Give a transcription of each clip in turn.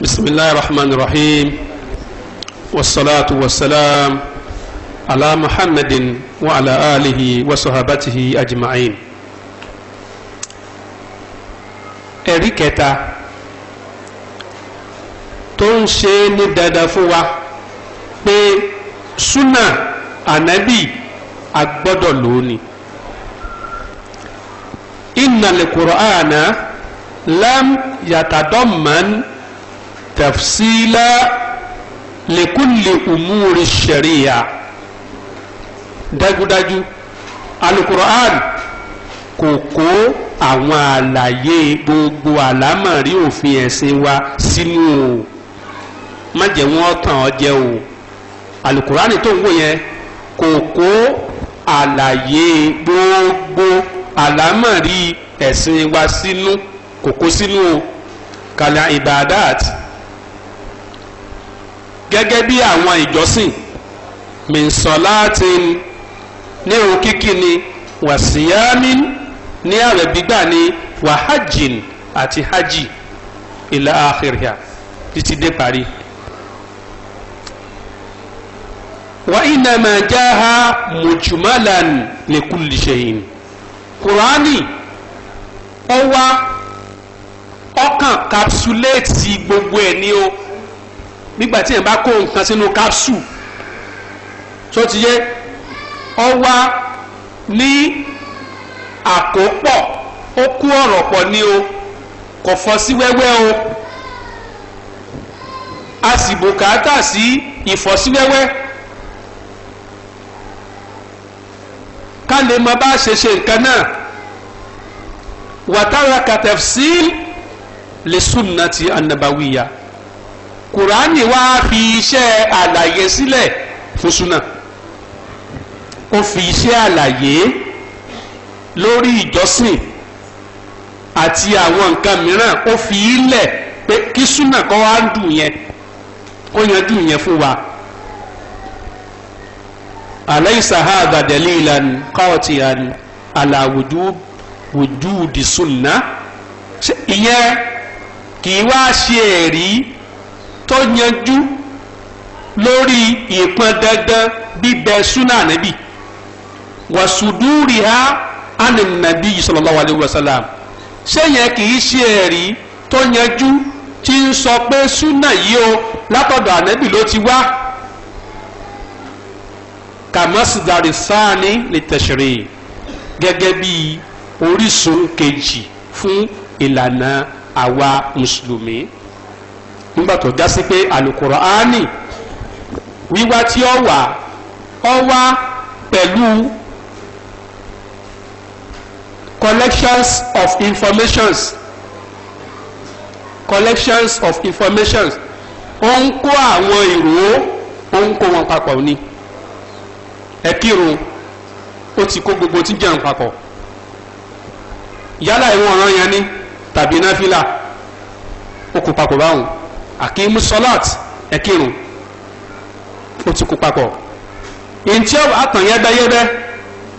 بسم الله الرحمن الرحيم والصلاة والسلام على محمد وعلى آله وصحابته أجمعين ẹ̀rí kẹta tó ń ṣe ní dandan fún wa pé súnà ànábì agbọ́dọ̀ lónìí innal Qur'ana lam yatadamman tafsila likulli umuri sharia dájúdájú alukur'an kò kó àwọn àlàyé gbogbo àlámọ̀rí òfin ẹ̀sìn wa sínú o má jẹ́ wọ́n tàn ọ́ jẹ o alukur'an tó ń wò yẹn kò kó àlàyé gbogbo àlámọ̀rí ẹ̀sìn wa sínú kò kó sínú o kàlà ibadat gẹ́gẹ́ bí àwọn ìjọsìn mìsọ̀láàtìn ní irun kíkí ni wàsíyámi ní ààrẹ gbígbà ni wàhájìn àti hájì ìlà àkèrìà títí dé parí. wa inama jaha mujmalan li kulli shay'in kùránì ó ọkàn kapsuléètì gbogbo ẹ̀ ni o nígbà tí yẹn bá kó nǹkan sínú capsule tó ti yẹ ọ wá ní àkópọ̀ ó kú ọ̀rọ̀ pọ̀ ní o kò fọ́ sí wẹ́wẹ́ o a sì bùkátà sí ìfọ́síwẹ́wẹ́ ká lè mọ bá ṣe ṣe nǹkan náà wàtàrà katafsil li sunnati annabawiya kùránì wá fi iṣẹ́ àlàyé sílẹ̀ fún súnà ó fi iṣẹ́ àlàyé lórí ìjọsìn àti àwọn nǹkan mìíràn ó fi í pé kí súnà kọ́ wá dùn yẹn ó yanjú yẹn fún wa alaysa hadha dalilan qatiyan ala wujub wujudi sunna ìyẹn kì í wá ṣe ẹ̀rí tó yanjú lórí ìpọn dandan bíbẹ súnà ànábì wàsùdúrì ha ànànàbí sallallahu alaihi wasallam sẹ́yìn kì í ṣe ẹ̀rí tó yanjú tí ń sọ pé súnà yìí o látọ̀dọ̀ ànábì ló ti wá kàmásìdárì sáàni lè tẹ̀sírì gẹ́gẹ́ bí orísun kejì fún ìlànà àwa mùsùlùmí nígbà tó já sí pé àlùkùránì wíwá tí ó wà ó wá pẹ̀lú collections of informations collections of informations ó ń kó àwọn ìró ó ń kó wọn papọ̀ ni ẹ kírun ó ti kó gbogbo tí jẹun papọ̀ yálà ìwọ̀n ọ̀ràn yẹn ni tàbí náfìlà ó kó papọ̀ báwọn àkímú sọláàt ẹ̀kírun ó ti kú papọ̀ ntí ọ̀wọ́ àtàn yẹ́bẹ́yẹ́bẹ́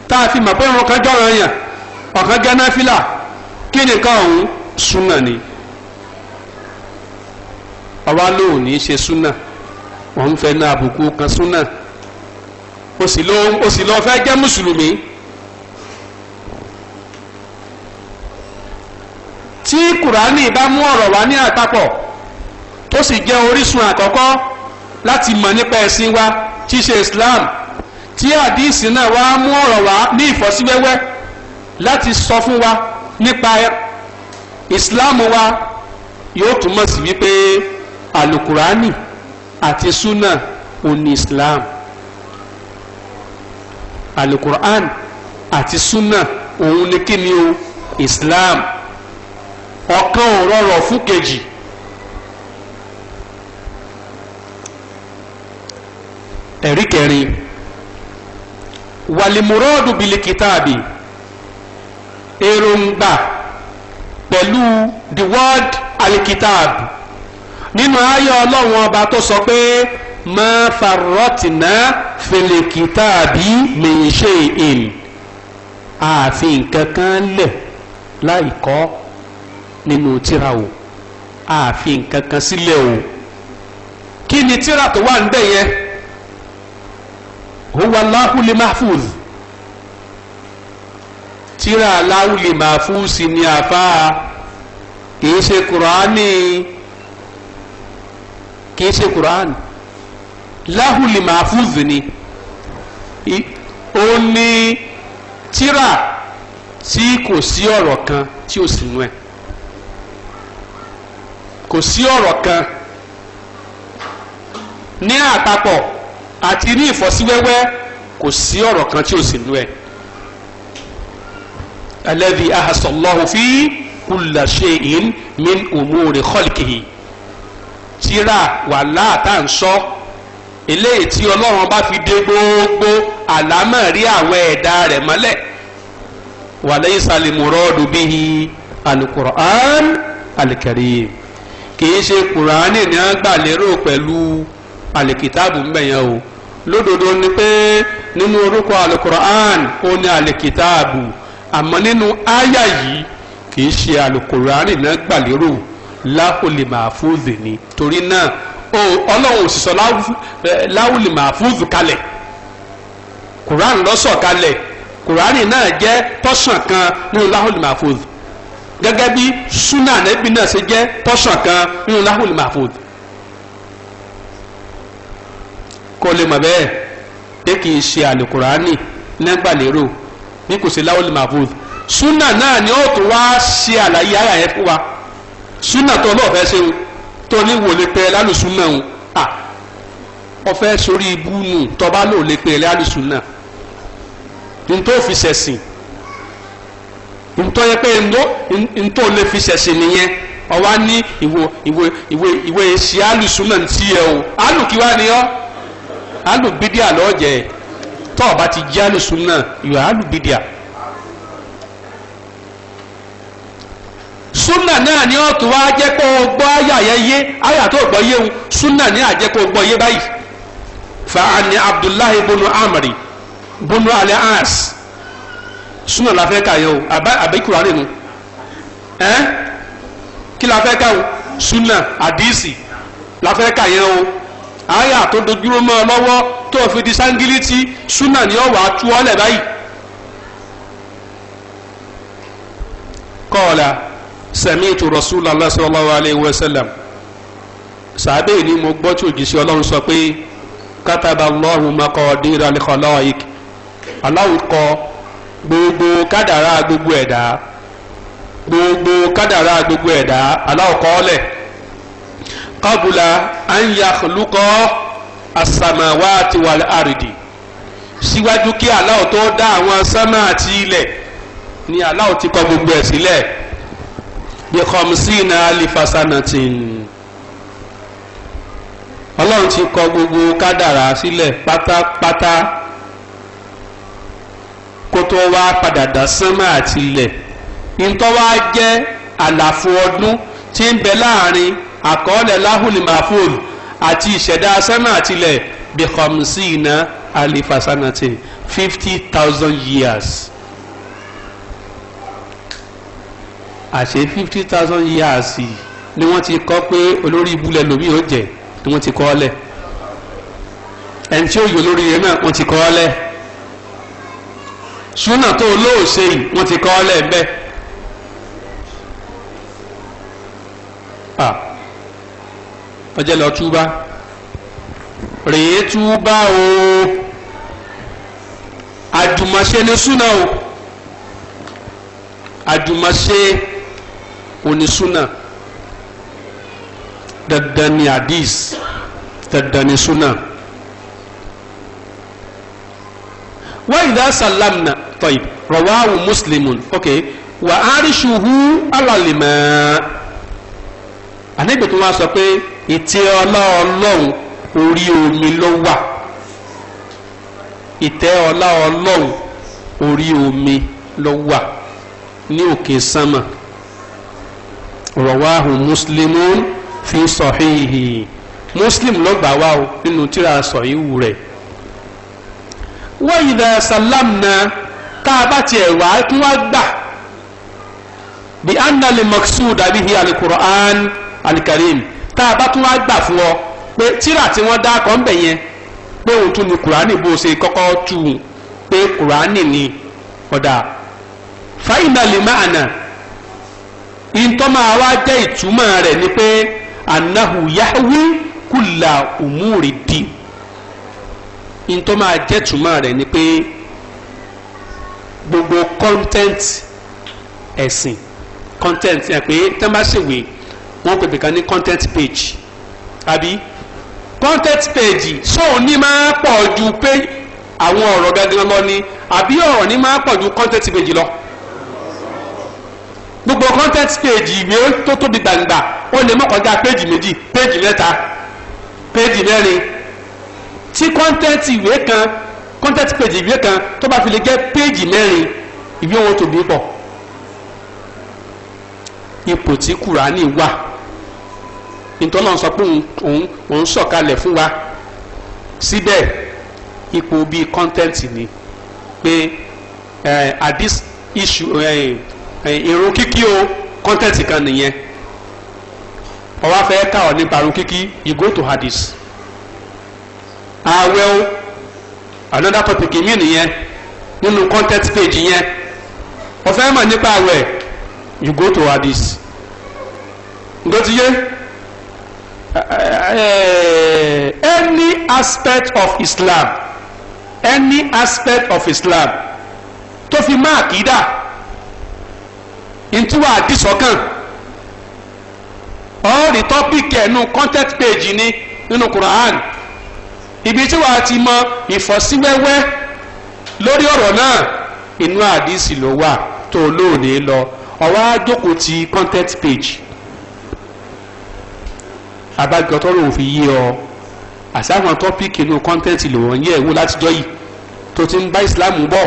tá a fi mọ̀ wọn kan jọ̀rọ̀ ki ọ̀kan gẹ́ náfìlà kí nìkan súnà ni ọba lóò ní í ṣe súnà òun fẹ́ ná àbùkù kan súnà ó sì lọ fẹ́ jẹ́ mùsùlùmí. tí kùránì bá mú ọ̀rọ̀ wá ní àpapọ̀ tó sì jẹ́ orísun àkọ́kọ́ láti mọ̀ nípa ẹ̀sìn wa tí í ṣe Islam tí àdìsí náà wá mú ọ̀rọ̀ wá ní ìfọ́síwẹ́wẹ́ láti sọ fún wa nípa Islam wa yóò túmọ̀ sí wípé alukurani àti sunna òní Islam alukurani àti sunna òun ni kí ni o Islam ọ̀kan ò rọrọ̀ fún kejì. ẹ̀rí kẹrin wàlìmúrọ́ọ̀dù bìlìkìtàbì èròǹgbà pẹ̀lú the word alikitab nínú ayé ọlọ́run ọba tó sọ pé ma farrotina filikitaabi min shay'in ààfin kankan lẹ̀ láìkọ́ nínú tírà o ààfin kankan sílẹ̀ o kí ni tírà tó wà ń bẹ̀ yẹn huwa láhùlì mahfuz tíra láhùlì mahfuz ni àfáà kìí ṣe kùránì kìí ṣe kùránì láhùlì mahfuz ni ó ní tíra tí kò sí ọ̀rọ̀ kan tí ò sí nú ẹ̀ kò sí ọ̀rọ̀ kan ní àpapọ̀ àti ní ìfọ́síwẹ́wẹ́ kò sí ọ̀rọ̀ kan tí ò sí nú ẹ̀ alladhi ahsallahu fi kulla shay'in min umuri khalqihi tíra wàhálà tá à ń sọ eléyìí tí ọlọ́run bá fi dé gbogbo àlámọ̀rí àwọn ẹ̀dá rẹ̀ mọ́lẹ̀ walaysa limuradu bihi al-Qur'an al-Karim kì í ṣe kùránì ní wọ́n gbà lérò pẹ̀lú alikitaabu ń yẹn o lódodo ni pé nínú orúkọ alukur'an ó ní alikitaabu àmọ́ nínú aya yìí kì í ṣe alukur'an náà gbàlérò láhùlì màfúùzì ni torí náà o ọlọ́run òṣìṣọ́ láhùlì màfúùzì kalẹ̀ kur'an lọ́sọ̀ kalẹ̀ kur'an náà jẹ́ tọ́sàn kan nínú màfúùzì gẹ́gẹ́ bí náà kan nínú kó lè mọ̀ bẹ́ẹ̀ pé kì í ṣe àlùkùránì lẹ́gbàlérò bí kò sí láwọ́lì mahfuz súnà náà ni ó tún wá ṣe àlàyé ara yẹn fún wa súnà tó lọ́ọ̀ fẹ́ ṣe tó ní wòlé pẹ́ lálùsúnà ń à ọfẹ́ sórí ibú nù tọ́ba lò lè pẹ́ lálùsúnà ntọ́ fi ṣẹ̀sìn ntọ́ yẹ pé ntọ́ lè fi ṣẹ̀sìn nìyẹn ọwá ní ìwé ìwé ìwé ìṣe alùsúnà ti yẹ o alùkí wa ni ọ́. alùbídíà lọ jẹ o bá ti jẹ́ sunna yọ alùbídíà. sunna náà ni ó tún wá jẹ́ kó o gbọ́ àyà yẹn yé àyà tó yé kó o yé báyìí. abdullahi bunu amiri bunu alẹ́ ans súnà la fẹ́ kà yẹn o àbíkúrà nínú ẹ́ kí la o la o. àyà tó dojúró mọ́ ọ lọ́wọ́ tó fi di sángílítì súnà ni ọ wà á tú ọ lẹ̀ báyìí. kọ́ọ̀lá sami'tu Rasulullah sallallahu alayhi wa sallam sàbẹ̀ ni mo gbọ́ tí òjìṣẹ́ ọlọ́run sọ pé kátàbà Allahu maqadira al-khalaiq Allahu kọ gbogbo kádàrá gbogbo ẹ̀dá gbogbo kádàrá gbogbo ẹ̀dá Allahu kọ qabula an yakhluqa as-samawati wal ardi síwájú kí Allah tó dá àwọn sánmà àti ilẹ̀ ni Allah ti kọ gbogbo ẹ̀ sílẹ̀ bí khamsina alifa sanatin ọlọ́run ti kọ gbogbo kádàrá sílẹ̀ pátápátá kó tó padà dá sánmà àti ilẹ̀ ntọ́wá jẹ́ àlàfo ọdún tí ń bẹ láàrin àkọọ́lẹ̀ láhùlì mahfud àti ìṣẹ̀dá sánà àtìlẹ̀ bìkọ̀mùsí iná alifasanati fifty thousand years àṣé fifty thousand years ni wọ́n ti kọ́ pé olórí ibùlẹ̀ lòmí ò jẹ́ ni wọ́n ti kọ́ ọ lẹ̀ ẹni tí ó yọ lórí rẹ̀ náà wọ́n ti kọ́ ọ lẹ̀ súnà tó olóòṣè yìí wọ́n ti kọ́ ọ bẹ́ẹ̀. wọ́n jẹ́ lọ túbá rèé túbá o àdùmọ̀ṣe ni súnà o àdùmọ̀ṣe òní súnà dandan ni hadith dandan ni súnà. وإذا سلمنا طيب رواه مسلم أوكي وعرشه على الماء أنا بتواسطه ìtẹ́ ọlá ọlọ́run orí omi ló wà ìtẹ́ ọlá ọlọ́run orí omi ló wà ní òkè sánmà rọwáhùn mùsùlùmí fi sọ̀híhì muslim ló gbà wá o nínú tíra sọ̀híhù rẹ̀ wọ́n yìí dá sàlámnà tá a bá tiẹ̀ wá kún wá gbà bí annali maksud abihi alikur'an alikarim. Al tá a bá tún wá gbà fún ọ pé tíra tí wọ́n dá kọ́ ń bẹ̀ yẹn pé òun tún ni kùránì bó ṣe kọ́kọ́ tù ú pé kùránì ni ọ̀dà fáìnà lè má àná ìtọ́ máa wá jẹ́ ìtumọ̀ rẹ̀ ni pé anahu yahwi kula umuri di ìtọ́ máa jẹ́ ìtumọ̀ rẹ̀ ni pé gbogbo kọ́ńtẹ́ǹtì ẹ̀sìn kọ́ńtẹ́ǹtì ẹ̀ pé tẹ́ bá ṣèwé wọ́n pè bìkan ní content page àbí content page So ní máa pọ̀ ju pé àwọn ọ̀rọ̀ gangan lọ ni àbí ọ̀rọ̀ ní máa pọ̀ ju content page lọ gbogbo content page ìwé tó tóbi gbàǹgbà ó lè má kọjá page méjì page mẹ́ta page mẹ́rin tí content ìwé kan content page ìwé kan tó bá fi lè jẹ́ page mẹ́rin ìwé wọn tóbi pọ̀ ipò tí kùránì wà nítorí sọ pé òun òun sọ̀kalẹ̀ fún wa síbẹ̀ ipò bíi kọ́ńtẹ́ǹtì ni pé at this issue irun kíkí o kọ́ńtẹ́ǹtì kan nìyẹn ọwọ́ fẹ́ ká ọ nípa irun kíkí you go to hadith Ah well, another topic mi nìyẹn nínú content page yẹn ọ̀fẹ́ mọ̀ nípa awẹ́ you go to hadith ǹgọ́ ti Eh, eh, any aspect of Islam any aspect of Islam tó fi máa kìdá ntúwà àdìsọ́kàn ọ̀ọ́rì tọ́pìkì ẹ̀nu content page ni nínú Quran ibi tí wàá ti mọ ìfọ́síwẹ́wẹ́ lórí ọ̀rọ̀ náà inú àdìsí ló wà tó lóòní lọ ọ̀wá jókòó ti content page abájọ tọrọ òfin yí ọ àti àwọn tọ́pìkì inú kọ́ńtẹ́ǹtì ló wọ́n yẹ̀ wò látijọ́ yìí tó ti ń bá islam bọ̀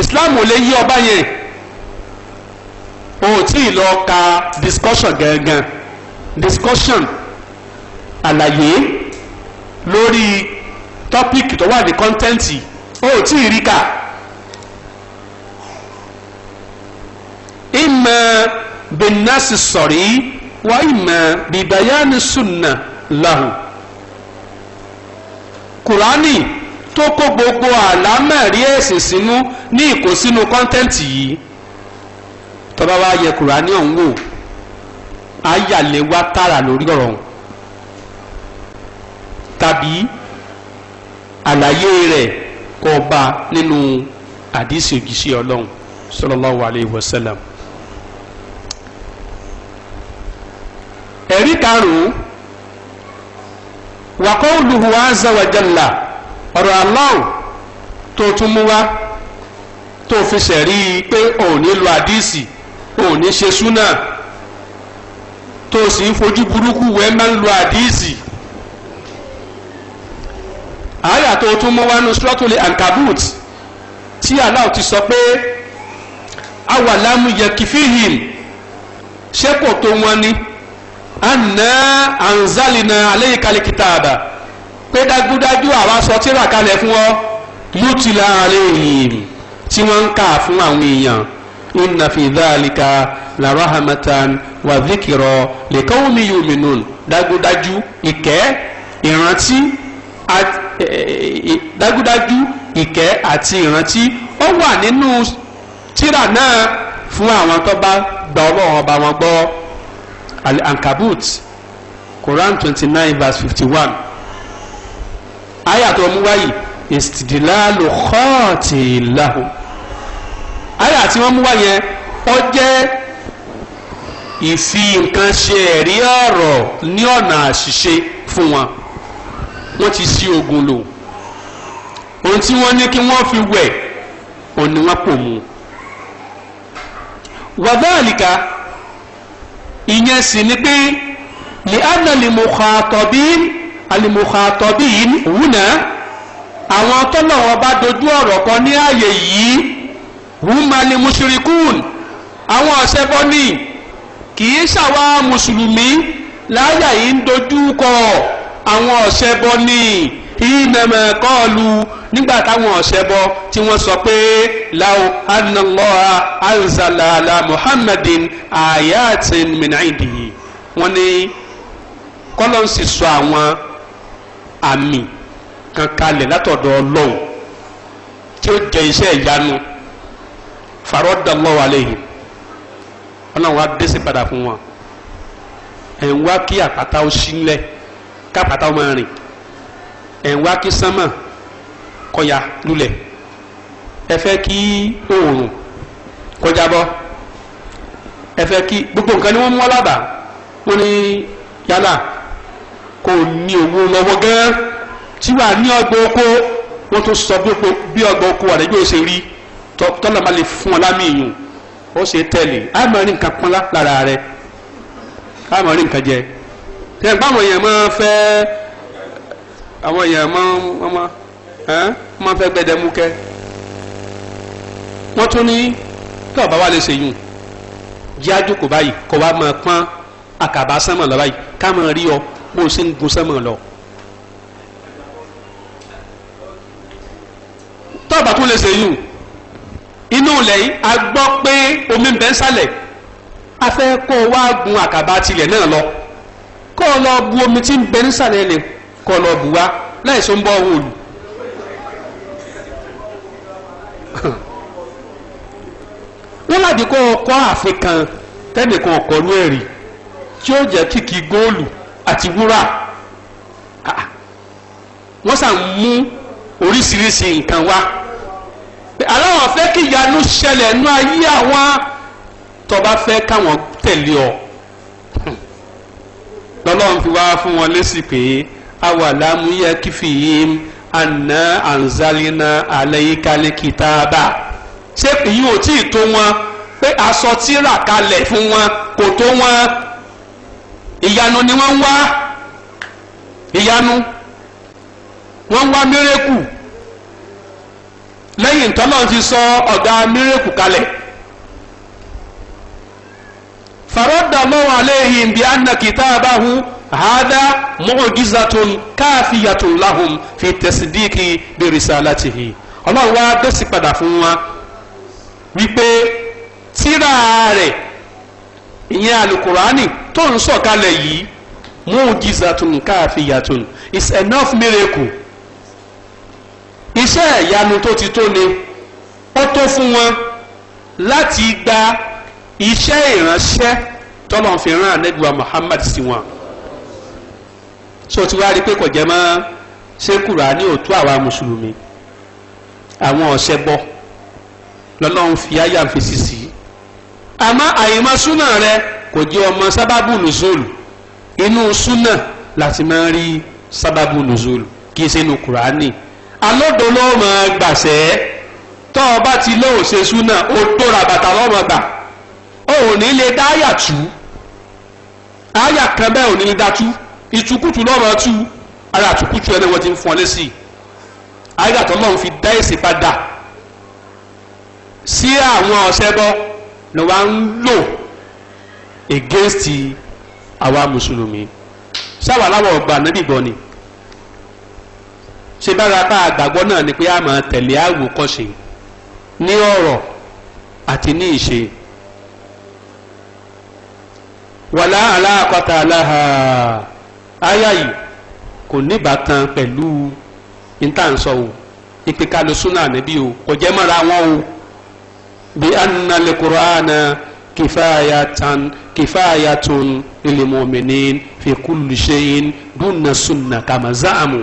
islam ò lè yí ọba yẹn o tí ì lọ ka discussion gangan discussion àlàyé lórí tọ́pìkì tó wà ní kọ́ńtẹ́ǹtì o ò tí ì rí kà ìmọ̀ bẹ́ẹ̀ náà sì sọ̀rí wa imma bi bayani sunna lahu kùránì tó kó gbogbo àlámẹ̀rí ẹ̀sìn sínú ní ìkósínú kọ́ńtẹ́ǹtì yìí tó bá wá yẹ kùránì ọ̀hún wò á yàlé wá tààrà lórí ọ̀rọ̀ ọ̀hún tàbí àlàyé rẹ̀ kó bá nínú àdìsí òjíṣẹ́ ọlọ́run sallallahu alayhi wa sallam. ẹ̀rí karùn-ún wa qawluhu azza wa jalla ọ̀rọ̀ Allah tó tún mú wá tó fi ṣẹ̀rí pé òun ní lo àdíìsì òun ní ṣe súnà tó sì ń fojú burúkú wẹ́ẹ́ máa ń lo àdíìsì àyà tó tún mú wá nu suratul ankabut tí Allah ti sọ pé awàlámù yẹ kìfìhìn ṣé tó wọn ni. anna anzalina alayka alkitaba pé dájúdájú àwa sọ tírà kalẹ̀ fún ọ yutila alayhim tí wọ́n kà fún àwọn èèyàn inna fi dhalika la rahmatan wa dhikra liqawmi yu'minun dagudaju ìkẹ́ ìrántí eh, eh, dagudaju ike àti ìrántí ó wà nínú tírà náà fún àwọn tó bá gba Ọlọ́run wọn gbọ́. al ankabut quran twenty nine verse fifty one ayatollah muwayi istidilalu kọ́ọ̀tì lahu aya tí wọ́n mú wá yẹn ó jẹ́ ìfi nǹkan ṣe ẹ̀rí ọ̀rọ̀ ní ọ̀nà àṣìṣe fún wọn wọ́n ti ṣí ogun lò ohun tí wọ́n ní kí wọ́n fi wẹ̀ òun ni pò mú wàdálìkà ìyẹn sì ni pé lè ánà lèmùkàtọ̀bìn àlèmùkàtọ̀bìn wùnà àwọn tọ́lọ̀wọ́ bá dojú ọ̀rọ̀ kan ní ààyè yìí húnma ni mushrikun àwọn ọ̀sẹ̀ bọ́nì kì í ṣàwa mùsùlùmí láyà yìí ń dojú kọ àwọn ọ̀sẹ̀ bọ́nì ìnàmẹ̀kọ́ọ̀lù nígbà táwọn ọ̀ṣẹbọ tí wọ́n sọ pé law anallaha anzala ala muhammadin ayatin min indihi wọ́n ní kọ́lọ́n sì sọ àwọn àmì kan kalẹ̀ látọ̀dọ̀ ọlọ́run tí ó jẹ iṣẹ́ ìyanu faradallahu alayhim ọlọ́run wa dẹ́sẹ̀ padà fún wọn ẹ̀ ń wá kí àpáta ó sílẹ̀ kápáta ó máa rìn ẹ̀ ń wá kí sánmà kọya lulẹ̀ ẹ fẹ́ kí oòrùn kọjá bọ́ ẹ fẹ́ kí gbogbo nǹkan ni wọ́n mú alábà wọ́n ní yálà kò ní owó lọ́wọ́ gẹ́ẹ́ tí wàá ní ọgbọ́n oko wọ́n tún sọ bí ọgbọ́n oko àdéjọ́ ṣe rí tọ́lá máa lè fún ọ lámì ìyún ó ṣe tẹ̀lé àmọ́ rí nǹkan pọ́nlá lára rẹ̀ àmọ́ rí nǹkan jẹ tẹ̀ báwọn èèyàn máa fẹ́ àwọn èèyàn máa ẹ́n máa fẹ́ gbẹdẹmukẹ́ wọ́n tún ní tí ọba wa lè ṣèyún jíájú kò báyìí kò wá máa pọ́n àkàbà sánmọ̀ lọ báyìí ká máa rí ọ bó o ṣe ń gun sánmọ̀ lọ. tọ́ọ̀bà tún lè ṣèyún inú ilẹ̀ yìí a gbọ́ pé omi ń bẹ sálẹ̀ a fẹ́ kó o wá gun àkàbà tilẹ̀ náà lọ kó o lọ bu omi tí ń bẹ ń sálẹ̀ lẹ̀ kó o lọ bu wá láìsọ ń bọ́ òun òlù wọ́n láti kọ́ ọkọ́ àfikàn tẹ́nìkan ọ̀kọ́nú ẹ̀rí tí ó jẹ́ kìkì góòlù àti wúrà ah, wọ́n sàn mú oríṣiríṣi nǹkan wá aláwọ̀ fẹ́ kí ìyanu ṣẹlẹ̀ nú ayé àwọn tọba fẹ́ káwọn tẹ̀lé ọ hmm. lọ́lọ́run fi wá fún wọn lésì pé awà lámúyẹ kífìyí àná anzalina alayka likitaba. ṣé èyí ò tí ì tó wọn pé aṣọ tí rà kalẹ̀ fún wọn kò tó wọn ìyanu ni wọ́n ń wá ìyanu wọ́n ń wá mírèkù lẹ́yìn tọ́lọ́ ti sọ ọ̀gá mírèkù kalẹ̀ farada lọ́wọ́ aléhìn bí anna kìtàbáhu hada mu'jizatun káfíyàtun lahum fi tẹ̀sídìkì bí risalatihi ọlọ́run wá dẹ́sí padà fún wa. wípé tírà rẹ̀ ìyẹn alukurani tó ń sọ̀kalẹ̀ yìí mujizatun káfíyàtun is enough miracle iṣẹ́ ìyanu tó ti tó ni ó tó fún wọn láti gba iṣẹ́ ìránṣẹ́ tọ́lọ́n fi anẹ́gbẹ̀wá Muhammad sí wọn so tí wàá rí pé kò jẹ́ mọ́ ṣé Kùránì ò àwa mùsùlùmí àwọn ọ̀sẹ̀ bọ́ lọ́lọ́run fi àyà fi sisi àmọ́ àyèmọ́ súnà rẹ kò jẹ́ ọmọ sábàbù nùzọ́ọ̀lù inú súnà láti máa ń rí sábàbù nùzọ́ọ̀lù kì í ṣe inú kùránì alódò ló máa gbàṣẹ́ tọ́ ọ bá ti lóò ṣe súnà ó dóra bàtà lọ́mọ gbà lè dá àyà tú àyà kan bẹ́ẹ̀ òun lè dá tú ìtukùtù lọ́mọ tú ara àtukùtù ẹni wọ́n ti ń fún lé sí i àyà tó lọ́run fi dá èsì padà. sí àwọn ọ̀sẹ́bọ ni wọ́n ń lò against àwa mùsùlùmí sáwà láwọn ọgbà nábì gbọ́ ni ṣe bára bá àgbàgbọ́ náà ni pé a máa tẹ̀lé àwòkọ́ṣe ní ọ̀rọ̀ àti ní ìṣe wàlá aláàkọ́ta aláha áyà yìí kò níbàtàn pẹ̀lú o súnà níbí o kò jẹ́ mọ́ra wọn o. bí anna lè kuraana kìfáyàtàn kìfáyàtún lèmọ̀mìnì fi kulli shay'in dúnà sunna kàmá záàmù.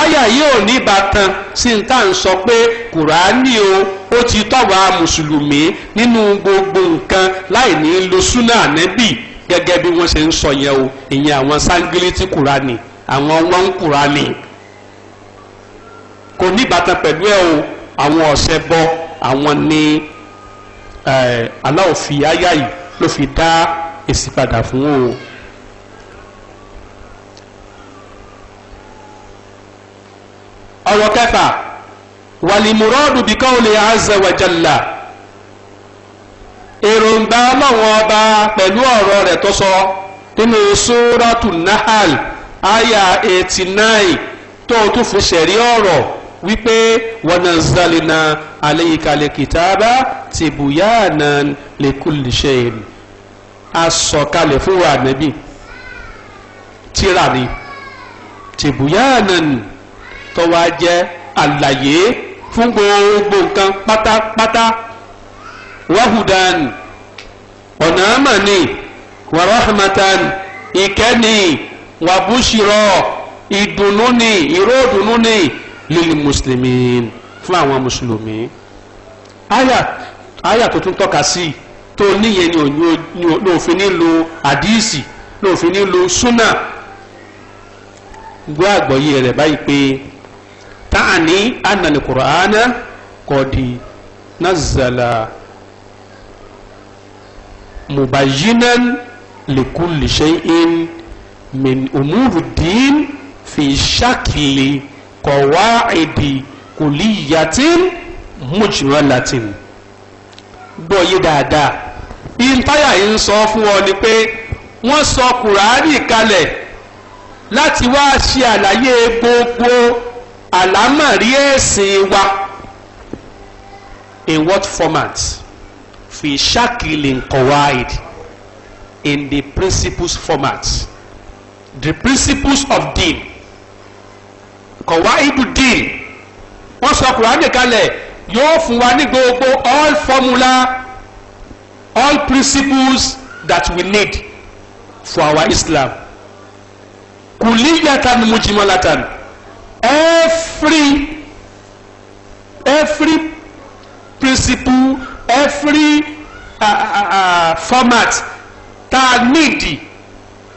àyà yóò ní bàtàn sí n tá à ń sọ pé kùránì o ó ti tọ́wọ́ a mùsùlùmí nínú gbogbo nǹkan láì ní lo súnà ànẹ́bì gẹ́gẹ́ bí wọ́n ṣe ń sọ yẹn o ìyẹn àwọn sángílítì kùránì àwọn wọn ń kùránì kò ní bàtàn pẹ̀lú ẹ o àwọn ọ̀sẹ̀ bọ́ àwọn ni eh, Allah fi àyà yìí ló fi dá èsì padà fún o. ọ̀rọ̀ kẹfà wàlìmùrọ́ọ̀dù bi qawli azza wa jalla èròǹgbà ọlọ́wọ́n ọba pẹ̀lú ọ̀rọ̀ rẹ̀ tó sọ nínú sóràtù nahal aya eighty nine tó o tún fi ṣẹ̀rí ọ̀rọ̀ wípé wanazzalna alayikale kìtàbà tìbúyàna likulli shay a sọ̀kalẹ̀ fún wa nàbí tíra ni tìbúyàna tó wá jẹ́ àlàyé fún gbogbo nǹkan pátápátá wahudan ọ̀nà àmàni warahmatan ìkẹ́ni wàbúṣirọ̀ ìdùnnú ni ìró ìdùnnú ni lílì mùsùlùmí fún àwọn mùsùlùmí àyà àyà tó tún tọ́ka sí i tó níyẹn ni òfin ní lo àdíìsì lófin ní lo súnà gbọ́ àgbọ̀yé rẹ̀ báyìí pé táàní ànàlẹ̀ kùránà kọ̀dì nazala mubayinan likulli shay'in min umuru fi shakili qawaidi kulliyatin mujmalatin gbọ́ yé dáadáa ìntáyà yìí ń sọ fún ọ ni pé wọ́n sọ kùránì kalẹ̀ láti wá ṣe àlàyé gbogbo àlámọ̀rí ẹ̀sìn wa in what format fi ṣákìlì qawaid in the principles format the principles of deen kọ̀wáìdùdín wọ́n sọ kùránì kalẹ̀ yóò fún wa ní gbogbo all formula all principles that we need for our Islam kuliyatan mujimalatan every every principle every uh, uh, uh, uh format tá a nídìí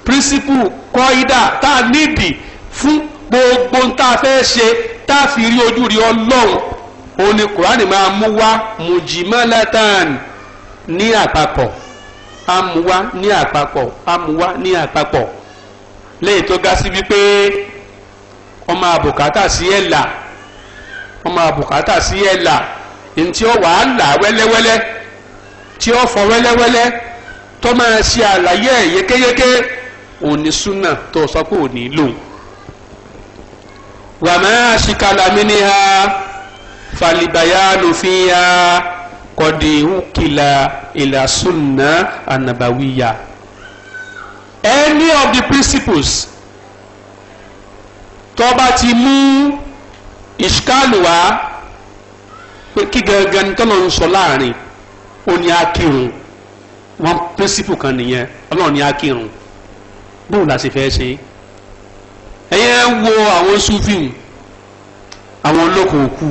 principle kọ́ídà tá a nídìí fún gbogbo ń tá a fẹ́ ṣe tá a fi rí ojú rí ọlọ́run òun ni kùránì máa mú wá mùjìmọ́lẹ́tàn ní àpapọ̀ amúwá ní àpapọ̀ amúwá ní àpapọ̀ lẹ́yìn tó ga sí wípé ọmọ àbùkátà sí ẹ̀là ọmọ àbùkátà sí ẹ̀là ntí ó wàá là wẹ́lẹ́wẹ́lẹ́ tí ó fọ wẹ́lẹ́wẹ́lẹ́ tó máa ṣe àlàyé yékéyéké òní súnà tó sọ pé òní lòun. wàmẹ́ àṣìkàlàmí ni ha falibayanu fi ha kọ́dí wúkìlà ìlàsùnà ànàbàwíyà any of the principles tó bá ti mú ìṣkálù wá pé kí gangan ní tọ́lọ́ ń sọ láàrin ó ní akírun wọn principle kan nìyẹn ọlọ́run ní akírun bóun la sì fẹ́ ṣe é ẹ̀yẹ wo àwọn sufin àwọn olókòó kù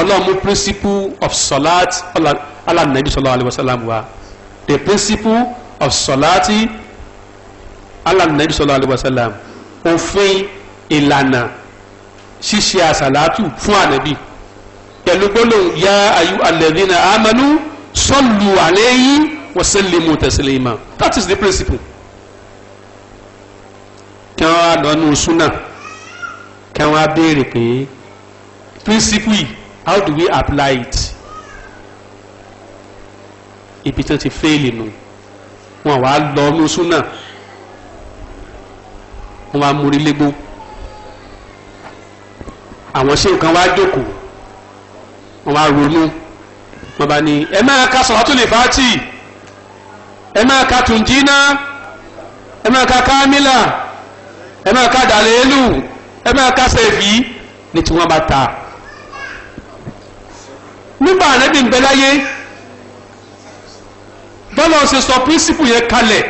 ọlọ́mú principle of salat alanabi sallallahu alayhi wa wa the principle of salati alanabi sallallahu alayhi wa sallam òfin ìlànà ṣíṣe àsàlátù fún ànábì pẹ̀lú gbólóhùn ya ayu alladhina amanu sallu alayhi wa sallimu taslima that is the principle tí wọ́n á lọ nínú súnà kí wọ́n á béèrè pé principle how do we apply it ibi tó ti fẹ́ẹ̀lì nù wọn wá lọ nínú súnà wọn wá múrí légbó àwọn ṣé nǹkan wá jókòó wọn wá ronú wọn bá ní ẹ máa ka Salatul Fati ẹ máa ka tùǹjì náà ẹ máa ka kámílà. ẹ máa ka dàlẹ́lù ẹ máa ka sẹ́fì ní tí wọ́n bá ta nígbà ànábì ń bọ́lá ṣe sọ píríncípù yẹn kalẹ̀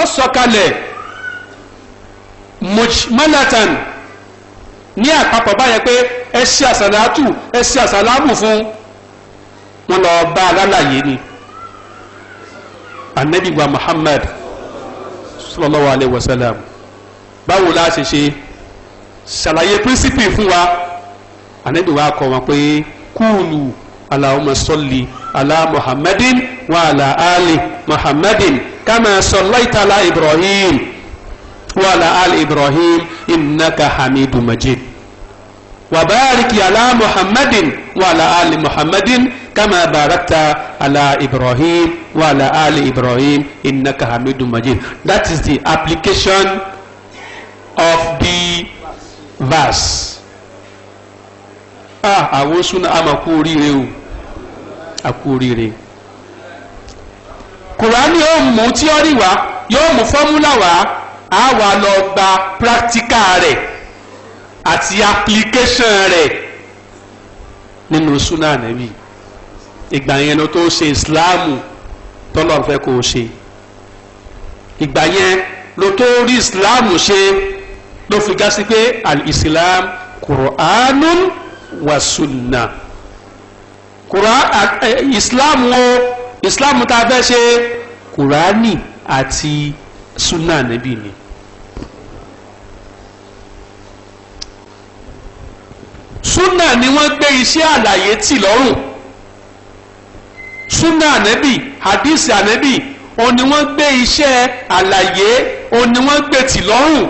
ó sọ kalẹ̀ mọ́látàn ní àpapọ̀ báyẹn pé ẹ ṣe àsàlátù ẹ ṣe àsàlámù fún wọn ni anabi muhammad sallallahu alayhi wa báwo la ṣe ṣe ṣàlàyé pírísìpì fún wa ànábì wa kọ́ wọn pé kúlù aláwọ̀mọ̀ sọ́lì alá muhammadin wa alá ali muhammadin kama sallaita ala ibrahim wa alá ali ibrahim innaka hamidu majid wa barik ala muhammadin wa alá ali muhammadin kama barakta ala ibrahim wa alá ali ibrahim innaka hamidu majid that is the application of the verse ah àwọn súnà àmà kú oríire o àkú oríire kùránì yóò mú tíọ́rì wá yóò mú fọ́múlà wá á wà lọ gba pírátíkà rẹ̀ àti application rẹ̀ nínú súnà nẹ́bí ìgbà yẹn ló tó ṣe ìsìláàmù tọ́lọ́ fẹ́ kó ṣe ìgbà yẹn ló tó rí ìsìláàmù ṣe ló fi gásí pé al-islam qur'anun wa sunna qur'an islam wo islam tá fẹ́ ṣe qur'ani àti sunna nabi ni. sunna ni wọ́n gbé iṣẹ́ àlàyé tì lọ́rùn sunna anabi hadith anabi òun ni wọ́n gbé iṣẹ́ àlàyé òun ni gbé tì lọ́rùn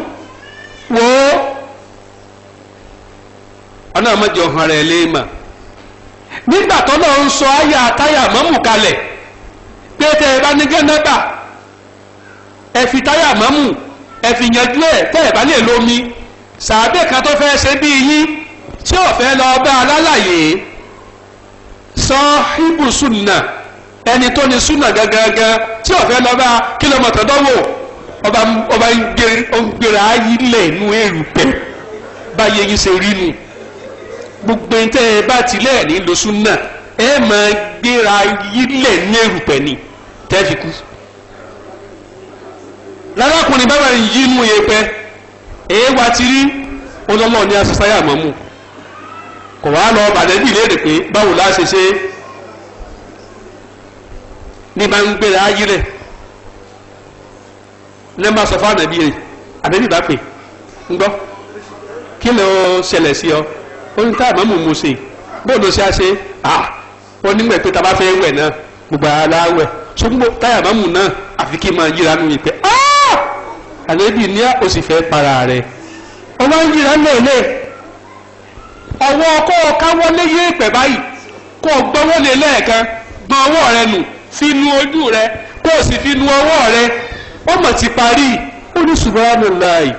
wo ó ọ̀nà àmọ́jọ hàn rẹ̀ lè mà nígbà tọ́lọ́ ń sọ àyà táyà mọ́mù kalẹ̀ pé tẹ́ ẹ bá ní gẹ́nẹ́bà ẹ fi táyà mọ́mù ẹ fi yanjú ẹ̀ tẹ́ ẹ bá lè lómi sàbẹ̀ kan tó fẹ́ ṣe bí yín tí ò fẹ́ lọ bá ní ọba ọba ń gbéra ayé lẹ̀ nú èrú pẹ̀ báyé yín ṣe rí nu gbogbo tẹ́ ẹ bá tilẹ̀ ní lóṣù náà ẹ máa gbéra ayé lẹ̀ nú èrú pẹ̀ ni tẹ́ fi kú. lárákùnrin bábà ń yí nú yẹpẹ èé wa ti rí ọlọ́lọ́ ní asosáyà mọ́mú kò wá lọ bàdẹ́bí léèrè pé báwo la ṣe ṣe ní bá ń gbéra ayé lẹ̀ lẹ́nu bá sọ fún ànábì rẹ̀ ànábì bá pè ń gbọ́ kí ló ṣẹlẹ̀ sí ọ ó ní táàmù mú mu sí bóun ló ṣe á ṣe à ó nígbà pé tá a bá fẹ́ wẹ̀ náà gbogbo aláwẹ̀ ṣùgbọ́n táyà mọ́mù náà àfi kí n máa yíra nù yìí pé ànábì ní ó fẹ́ para rẹ̀ ó máa ń yíra lẹ́ẹ̀lẹ́ ọwọ́ kó o káwọ́ lé yé pẹ̀ báyìí kó o gbọ́wọ́ lé lẹ́ẹ̀kan gbọ́n ọwọ́ rẹ nù fi ojú rẹ kó o sì fi ọwọ́ rẹ ó mọ̀ ti parí ó ní subhanallahi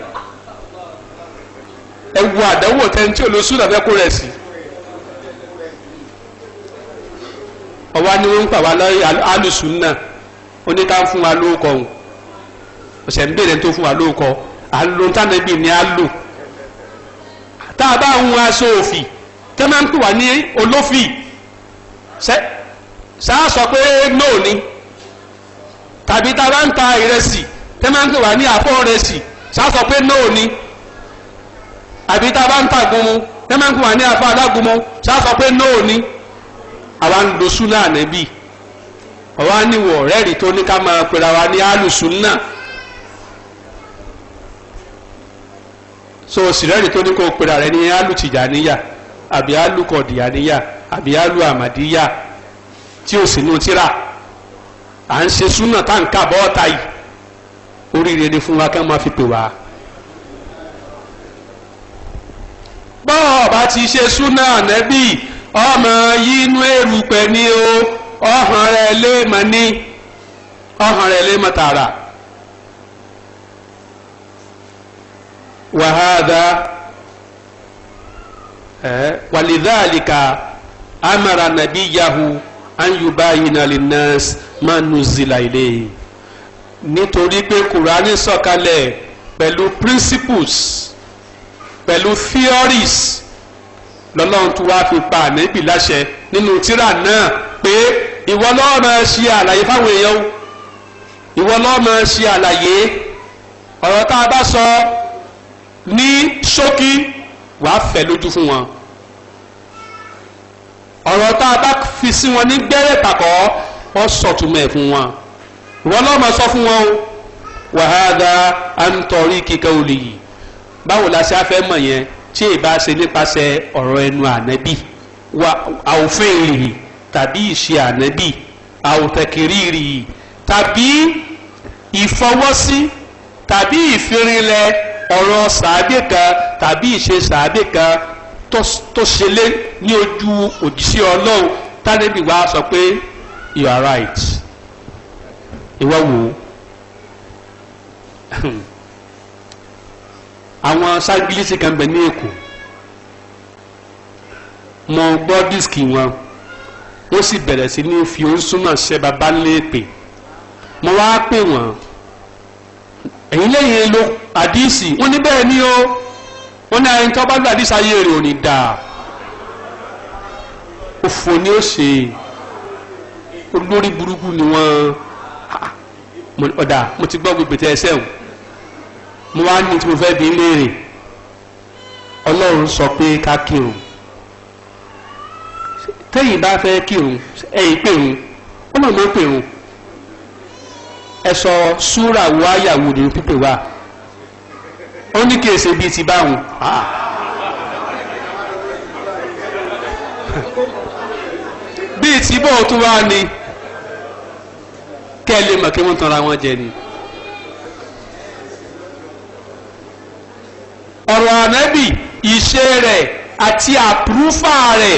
ẹ wo àdánwò tẹni tí olóṣù náà fẹ́ kó rẹ̀ sí. ọwọ́ ni wọ́n ń pàwá lọ́yẹ̀ alùsùn náà ó ní ká ń fún wa lóókọ òun ọ̀sẹ̀ ń bèèrè tó fún wa lóókọ àlòntánẹ́bì ni a lò tá a bá ń aṣọ òfì tẹ́ máa ń pè wá ní olófì sáà sọ pé nóò ni tàbí tá a bá ń ta ìrẹsì tẹ́ máa ń pè wá ní àpò ìrẹsì sásọ pé nóò ni àbí tá a bá ń ta gumu tẹ́ máa ń pè wá ní àpò alágumu sásọ pé nóò ni àwa ń lo súnà ànẹ́bì ọ̀wá níwọ̀ rẹ́ẹ̀rì tó ní ká máa pera wa ní alùsùnà so sìrẹ́ẹ̀rì tó ní kó pera rẹ ní alùtìjàníyà àbí alùkọ̀dìyàníyà àbí alùàmàdíyà tí ò sínú tíra à ń ṣe súnà tá à ń kà bọ́ ọ̀tá yìí oríire ni fún wa ká máa fi pè wá. bọ́ọ̀ ti ṣe súnà ànẹ́bì ọmọ yínú èrùpẹ̀ ni o ọ̀hàn rẹ̀ lè mọ̀ ní ọ̀hàn rẹ̀ lè mọ̀ tààrà. wàhádà ẹ̀ wàlídàálìkà amara nàbíyàhù an yubayina linnas ma nuzila ilayhi nítorí pé kùránì sọ̀kalẹ̀ pẹ̀lú principles pẹ̀lú theories lọ́lọ́run tó wa fi pa ànábì láṣẹ nínú tírà náà pé ìwọ lọ́ọ́ máa ṣe àlàyé fáwọn èèyàn o ìwọ lọ́ọ́ máa ṣe àlàyé ọ̀rọ̀ tá a bá sọ ní ṣókí wàá fẹ́ lójú ọ̀rọ̀ tá a bá fi sí wọn ní gbẹ́rẹ́ pàkọ́ wọ́n sọ̀túnmọ̀ ẹ̀ fún wọn wọ́n lọ́ọ́ máa sọ fún wọn o wàhádà àǹtọ̀rí kíkẹ́ olè yìí báwo la ṣe á fẹ́ mọ̀ yẹn tí ì bá ṣe nípasẹ̀ ọ̀rọ̀ ẹnu ànábì wa àwòfin rìrì tàbí ìṣe ànábì àwòtẹ̀kìrì rìrì tàbí ìfọwọ́sí tàbí ìfirinlẹ̀ ọ̀rọ̀ sàábẹ̀ kan tàbí ìṣe sàábẹ̀ kan tó ṣẹlẹ̀ ní ojú òjíṣẹ́ ọlọ́run tánẹ́bì wa sọ pé you are right ìwọ wò ó àwọn ságílísì kan bẹ ní èkó mo gbọ́ dísìkì wọn ó sì bẹ̀rẹ̀ sí ní fi oṣùmọ̀ ṣe bàbá léèpè mo wá pè wọ́n èyí lẹ́yìn lo àdìsí wọ́n ní bẹ́ẹ̀ ni o wọ́n ní ayé tó bá gbàdí sáyé rẹ̀ ò ní dáa òfò ni ó ṣe olórí burúkú ni wọ́n ọ̀dà mo ti gbọ́ gbogbo tẹ́ ẹsẹ̀ o mo wá ní tí mo fẹ́ bí léèrè ọlọ́run sọ pé ká kírun tẹ́yìn bá fẹ́ kírun ẹ̀yìn pèrun ọlọ́run ló pèrun ẹ sọ súrà wáyàwó ni pípè wá ó ní kí èsè bíi ti báwọn. bíi ti bó tún wá ni kẹ́ ẹ lè mọ̀ kí wọ́n tanra wọn jẹ ni. ọ̀rọ̀ ànábì ìṣe rẹ̀ àti àpúrúfà rẹ̀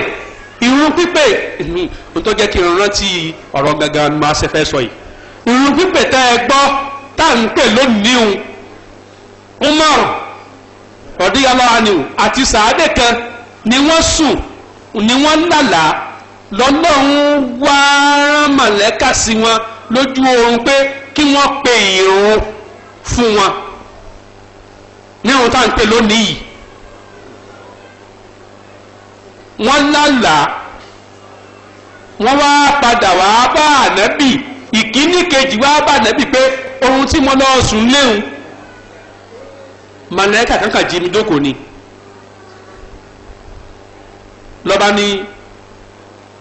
irun pípé ohun tó jẹ́ kí n rántí ọ̀rọ̀ gangan máa ṣe fẹ́ sọ yìí irun pípé tẹ́ ẹ gbọ́ tá à pè lónìí òun umar radiyallahu anhu àti sàádé kan ni wọ́n sùn ni wọ́n lálàá lọ́lọ́run wá mọ̀lẹ́kà sí wọn lójú oorun pé kí wọ́n pe ìrun fún wọn ní ìrun táwọn ń pè lónìí yìí wọ́n lálàá wọ́n wá padà wá bá kejì bá ànábì pé ohun tí mo màláíkà kankan jí mi dóko ni lọ́ba ní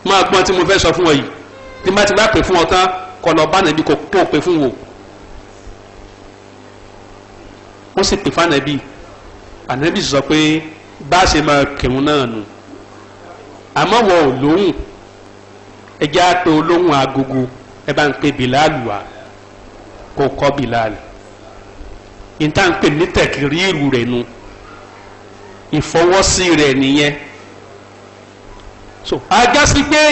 máa gbọ́n tí mo fẹ́ sọ fún ọ yìí tí bá ti bá pè fún ọ tán kọ̀ lọ́ọ́ bá nàbí kò tó pè fún wò wọ́n sì pè fànàbí ànàbí sọ pé bá a ṣe máa kírun náà nù àmọ́ wọ́n ò ẹjẹ́ á olóhùn agogo ẹ bá ń pe bìláàlù wa kò kọ́ bìláàlù níta ń pè ní tẹ̀kìrìrù rẹ̀ nu ìfọwọ́sí rẹ̀ nìyẹn so ajá sí pé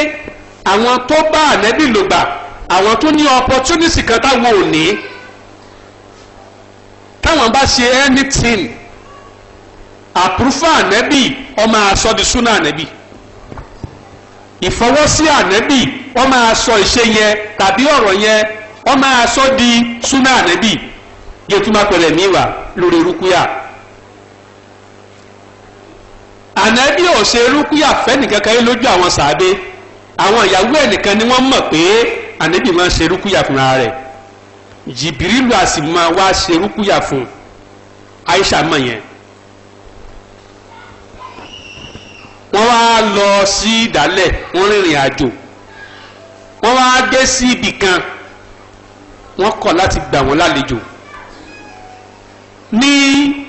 àwọn tó bá ànẹ́bí lò gbà àwọn tó ní opportunity kan táwọn ò ní táwọn bá ṣe anything àpúrúfà ànẹ́bí ọmọ àsọdí súnà ànẹ́bí ìfọwọ́sí ànẹ́bí ọmọ àsọ ìṣe yẹn tàbí ọ̀rọ̀ yẹn ọmọ àsọ di súnà ànẹ́bí jẹ́ tún bá pẹ̀lẹ́ mi wà lórí rúkúyà ànábì ò ṣe rúkúyà fẹ́nìkan kan lójú àwọn sàábé àwọn ìyàwó ẹnìkan ni wọ́n mọ̀ pé ànábì máa ń ṣe rúkúyà fúnra rẹ̀ jìbìrìlù àsì máa wá ṣe rúkúyà fún Aisha mọ̀ yẹn wọ́n wá lọ sí ìdálẹ̀ wọ́n rìnrìn àjò wọ́n wá dé sí ibì kan wọ́n kọ̀ láti gbà wọ́n lálejò. La ní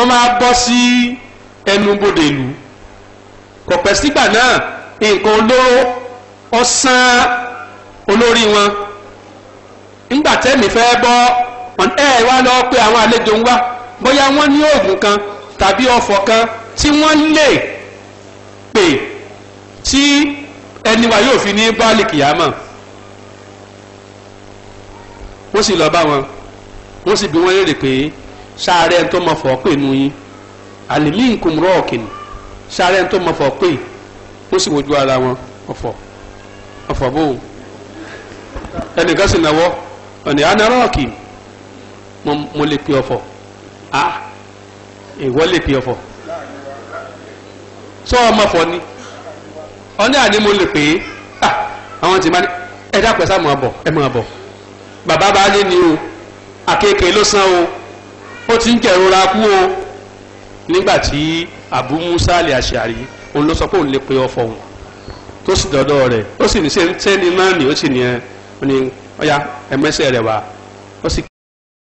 ọ máa bọ́ sí ẹnubodè ìlú kò pẹ́ sígbà náà nǹkan olóró olórí wọn nígbà fẹ fẹ́ bọ́ ẹ wá lọ pé àwọn àlejò ń wá bóyá wọ́n ní oògùn kan tàbí ọfọ kan tí wọ́n lè pè tí ẹni wa yóò fi ní báàlì kìyàmọ̀ sì lọ bá wọn. wọ́n sì bí wọ́n léèrè pé sáré ẹni tó mọ fọ́ pè nu yín àlèmí nǹkan mìíràn ọ̀kìn sáré ẹni tó mọ fọ́ pè wọ́n sì wojú ara wọn ọ̀fọ̀ ọ̀fọ̀ bò ẹnìkan sì náwó ọ̀nì anarọ́ọ̀kì mo lè pe ọ̀fọ̀ a ìwọ lè pe ọ̀fọ̀ sọ ọmọ fọ ni ọ̀nì àní mo lè pè é ah, àwọn tì máa ní ẹ̀dá pẹ̀sà mọ̀ ọ̀bọ̀ ẹ̀ mọ̀ ọ̀bọ̀ bàbá baálé ni o àkekèé ló san o ó ti ń jẹ̀rora kú o nígbà tí Abu Musa al-Ash'ari òun ló sọ pé òun lè pe ọfọ òun tó sì dọ́dọ̀ rẹ̀ ó sì ní sẹ́ni náà ni ó sì ní ẹ ó ní ọ̀ya ẹ̀mẹ́sẹ̀ rẹ̀ wá ó sì.